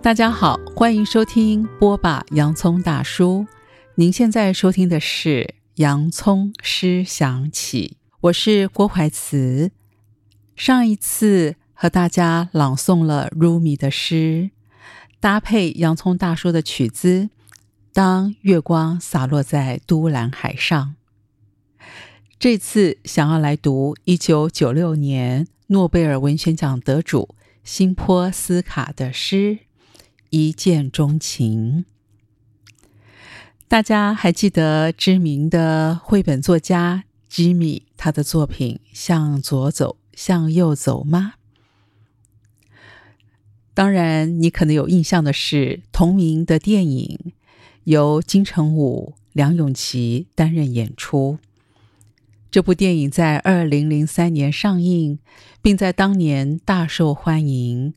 大家好，歡迎收聽剝吧！洋蔥大叔。您現在收聽的是《洋蔥詩響起》，我是郭懷慈。上一次和大家朗誦了 Rumi 的詩，搭配洋蔥大叔的曲子。當月光灑落在都蘭海上，這次想要來讀一九九六年諾貝爾文學獎得主辛波絲卡的詩。一見鍾情，大家還記得知名的繪本作家幾米他的作品《向左走，向右走》嗎？當然，你可能有印象的是同名的電影，由金城武、梁詠琪擔任演出。這部電影在二零零三年上映，並在當年大受歡迎。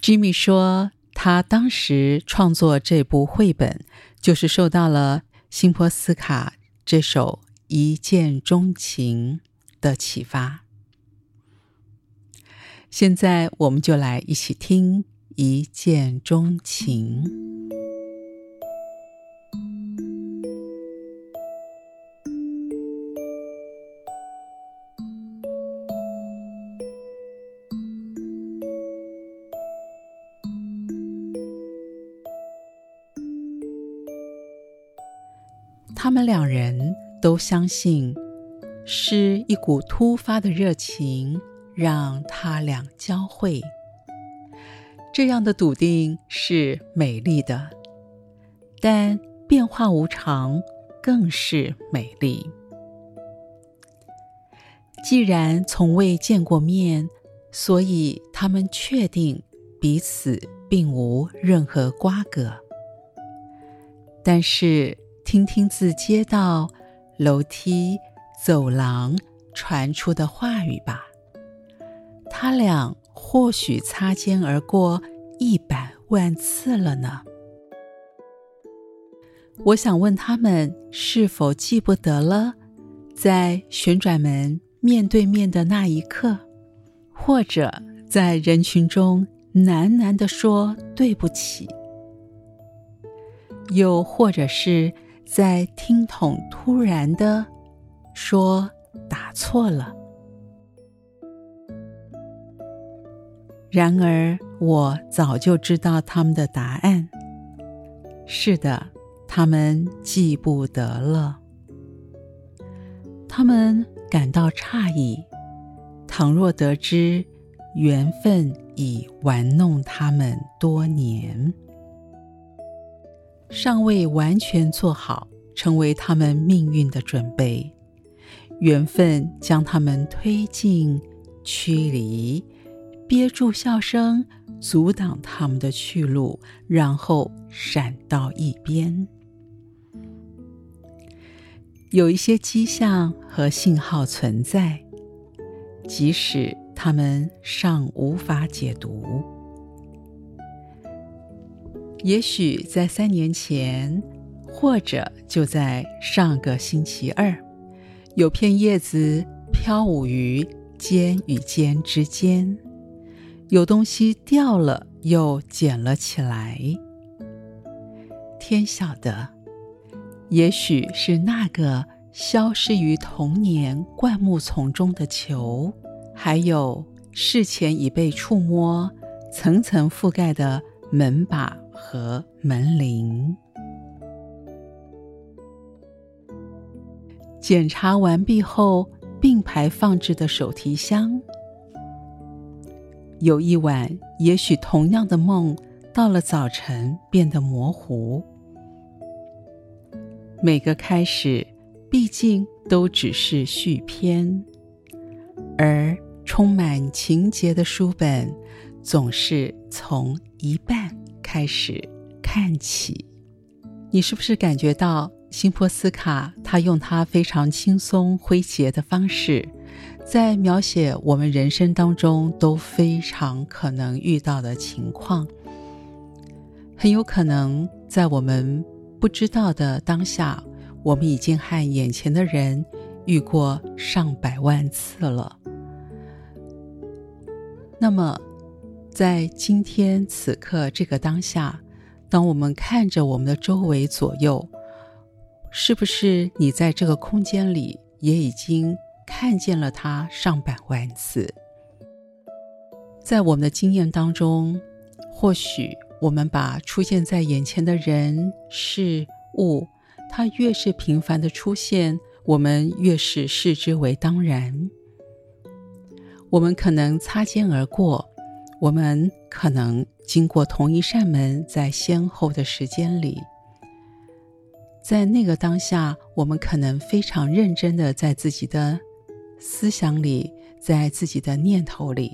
幾米說。他當時創作這部繪本，就是受到了辛波絲卡這首《一見鍾情》的啟發。現在，我們就來一起聽《一見鍾情》。他們兩人都相信，是一股突發的熱情讓他倆交會。這樣的篤定是美麗的，但變化無常更是美麗。既然從未見過面，所以他們確定彼此並無任何瓜葛。但是。聽聽自街道、樓梯、走廊傳出的話語吧，他倆或許擦肩而過一百萬次了呢。我想問他們是否記不得了，在旋轉門面對面的那一刻，或者在人群中喃喃地說對不起，又或者是。在聽筒突然的說：“打錯了。”然而，我早就知道他們的答案。是的，他們記不得了。他們感到詫異，倘若得知緣分已玩弄他們多年。尚未完全做好成為他們命運的準備，緣分將他們推進、驅離，憋住笑聲，阻擋他們的去路，然後閃到一邊。有一些跡象和信號存在，即使他們尚無法解讀。也許在三年前，或者就在上個星期二，有片葉子飄舞於肩與肩之間，有東西掉了又撿了起來。天曉得，也許是那個消失於童年灌木叢中的球，還有事前已被觸摸、層層覆蓋的門把。和門鈴。檢查完畢後，並排放置的手提箱。有一晚，也許同樣的夢到了早晨，變得模糊。每個開始，畢竟都只是續篇，而充滿情節的書本，總是從一半，開始看起，你是不是感覺到辛波絲卡他用他非常輕鬆詼諧的方式，在描寫我們人生當中都非常可能遇到的情況？很有可能在我們不知道的當下，我們已經和眼前的人遇過上百萬次了。那麼。在今天此刻這個當下，當我們看着我們的周圍左右，是不是你在這個空間裡也已經看見了它上百萬次？在我們的經驗當中，或許我們把出現在眼前的人事物，它越是頻繁的出現，我們越是視之為當然。我們可能擦肩而過。我們可能經過同一扇門，在先後的時間裡，在那個當下，我們可能非常認真的在自己的思想裡，在自己的念頭裡，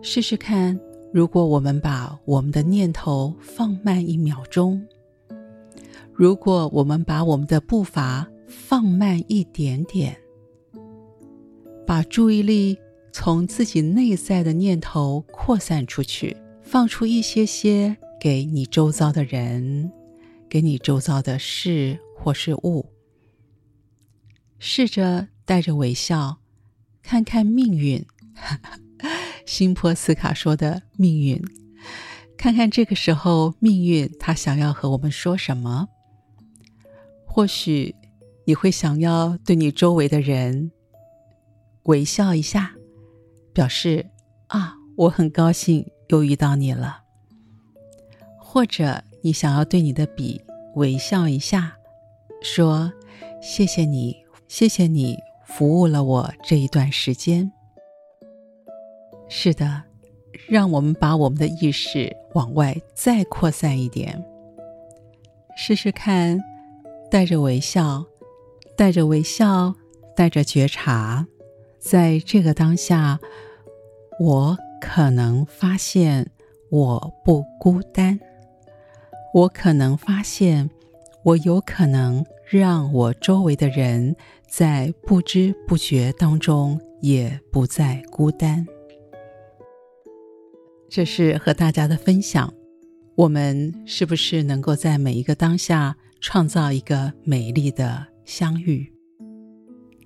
試試看，如果我們把我們的念頭放慢一秒鐘，如果我們把我們的步伐放慢一點點，把注意力。從自己內在的念頭擴散出去，放出一些些給你周遭的人，給你周遭的事或是物。試着帶着微笑，看看命運， 辛波絲卡說的命運，看看這個時候命運它想要和我們說什麼。或許你會想要對你周圍的人微笑一下。表示啊，我很高興又遇到你了。或者你想要對你的筆微笑一下，說：“謝謝你，謝謝你服務了我這一段時間。”是的，讓我們把我們的意識往外再擴散一點。試試看，帶着微笑，帶着微笑，帶着覺察。在這個當下，我可能發現我不孤單，我可能發現，我有可能讓我周圍的人在不知不覺當中也不再孤單。這是和大家的分享，我們是不是能夠在每一個當下創造一個美麗的相遇？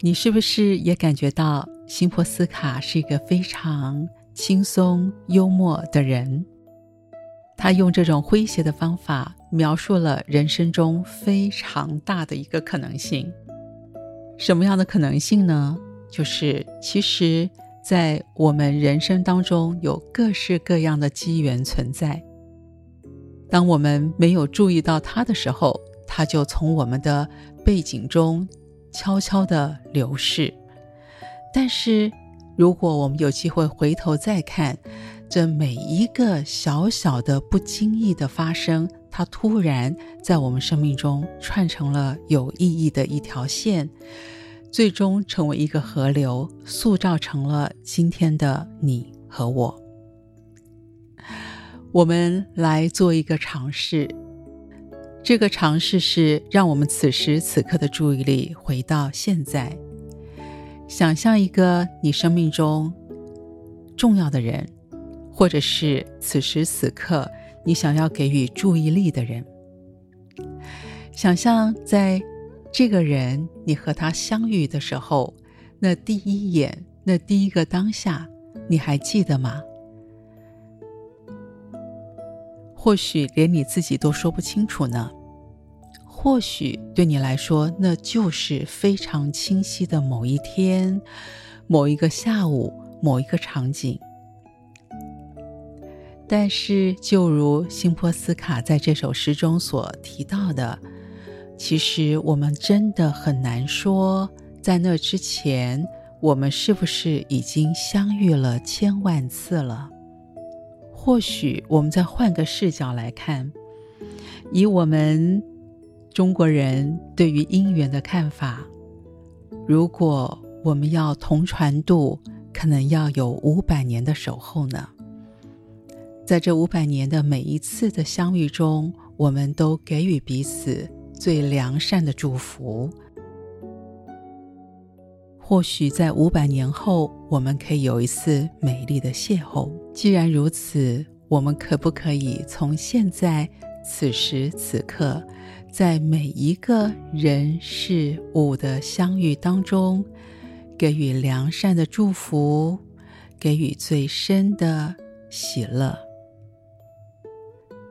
你是不是也感覺到辛波絲卡是一個非常輕鬆幽默的人？他用這種詼諧的方法描述了人生中非常大的一個可能性。什麼樣的可能性呢？就是其實在我們人生當中有各式各樣的機緣存在。當我們沒有注意到它的時候，它就從我們的背景中，悄悄的流逝，但是如果我們有機會回頭再看，這每一個小小的不經意的發生，它突然在我們生命中串成了有意義的一條線，最終成為一個河流，塑造成了今天的你和我。我們來做一個嘗試。這個嘗試是讓我們此時此刻的注意力回到現在。想象一個你生命中重要的人，或者是此時此刻你想要給予注意力的人。想象在這個人你和他相遇的時候，那第一眼，那第一個當下，你還記得嗎？或許連你自己都說不清楚呢。或許對你來說，那就是非常清晰的某一天、某一個下午、某一個場景。但是，就如辛波絲卡在這首詩中所提到的，其實我們真的很難說，在那之前我們是不是已經相遇了千萬次了。或許，我們再換個視角來看，以我們。中國人對於姻緣的看法，如果我們要同船渡，可能要有五百年的守候呢。在這五百年的每一次的相遇中，我們都給予彼此最良善的祝福。或許在五百年後，我們可以有一次美麗的邂逅。既然如此，我們可不可以從現在、此時此刻，在每一個人事物的相遇當中，給予良善的祝福，給予最深的喜樂。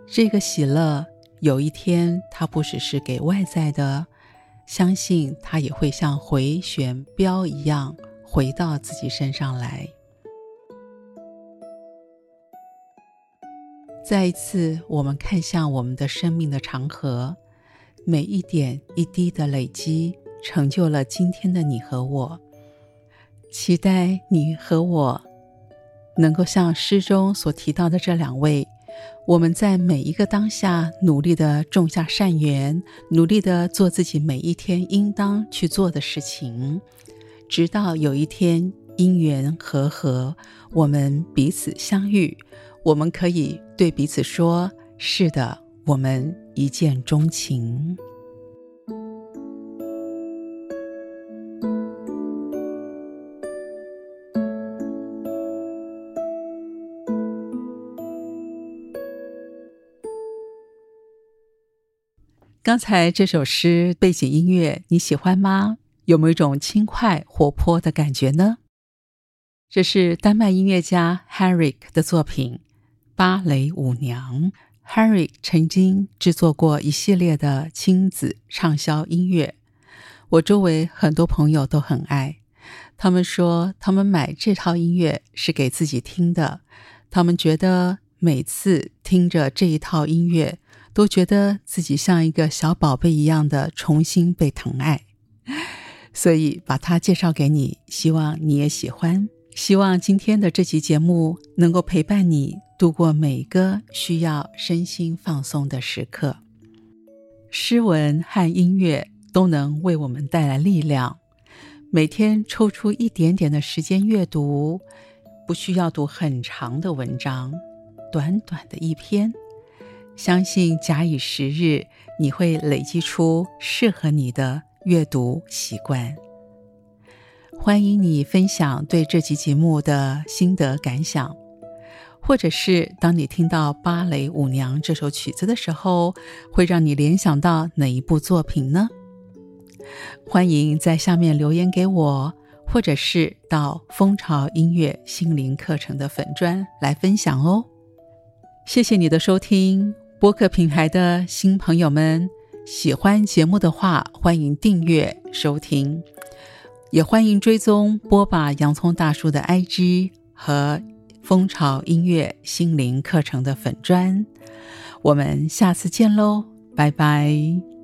這個喜樂，有一天它不只是給外在的，相信它也會像回旋鏢一樣回到自己身上來。再一次，我們看向我們的生命的長河。每一點一滴的累積，成就了今天的你和我。期待你和我，能夠像詩中所提到的這兩位，我們在每一個當下努力地種下善緣，努力地做自己每一天應當去做的事情，直到有一天因緣和合，我們彼此相遇，我們可以對彼此說：是的。我們一見鍾情。剛才這首詩背景音樂你喜歡嗎？有沒有一種輕快活潑的感覺呢？這是丹麥音樂家 Henrik 的作品《芭蕾舞娘》。Henrik 曾經製作過一系列的親子暢銷音樂，我周圍很多朋友都很愛。他們說，他們買這套音樂是給自己聽的。他們覺得每次聽着這一套音樂，都覺得自己像一個小寶貝一樣的重新被疼愛。所以，把它介紹給你，希望你也喜歡。希望今天的這期節目能夠陪伴你，度過每個需要身心放鬆的時刻，詩文和音樂都能為我們帶來力量。每天抽出一點點的時間閱讀，不需要讀很長的文章，短短的一篇，相信假以時日，你會累積出適合你的閱讀習慣。歡迎你分享對這期節目的心得感想。或者是當你聽到《芭蕾舞娘》這首曲子的時候，會讓你聯想到哪一部作品呢？歡迎在下面留言給我，或者是到風潮音樂心靈課程的粉專來分享哦。謝謝你的收聽，播客品牌的新朋友們，喜歡節目的話，歡迎訂閱收聽，也歡迎追蹤剝吧洋蔥大叔的 IG 和風潮音樂心靈課程的粉專，我們下次見嘍，拜拜。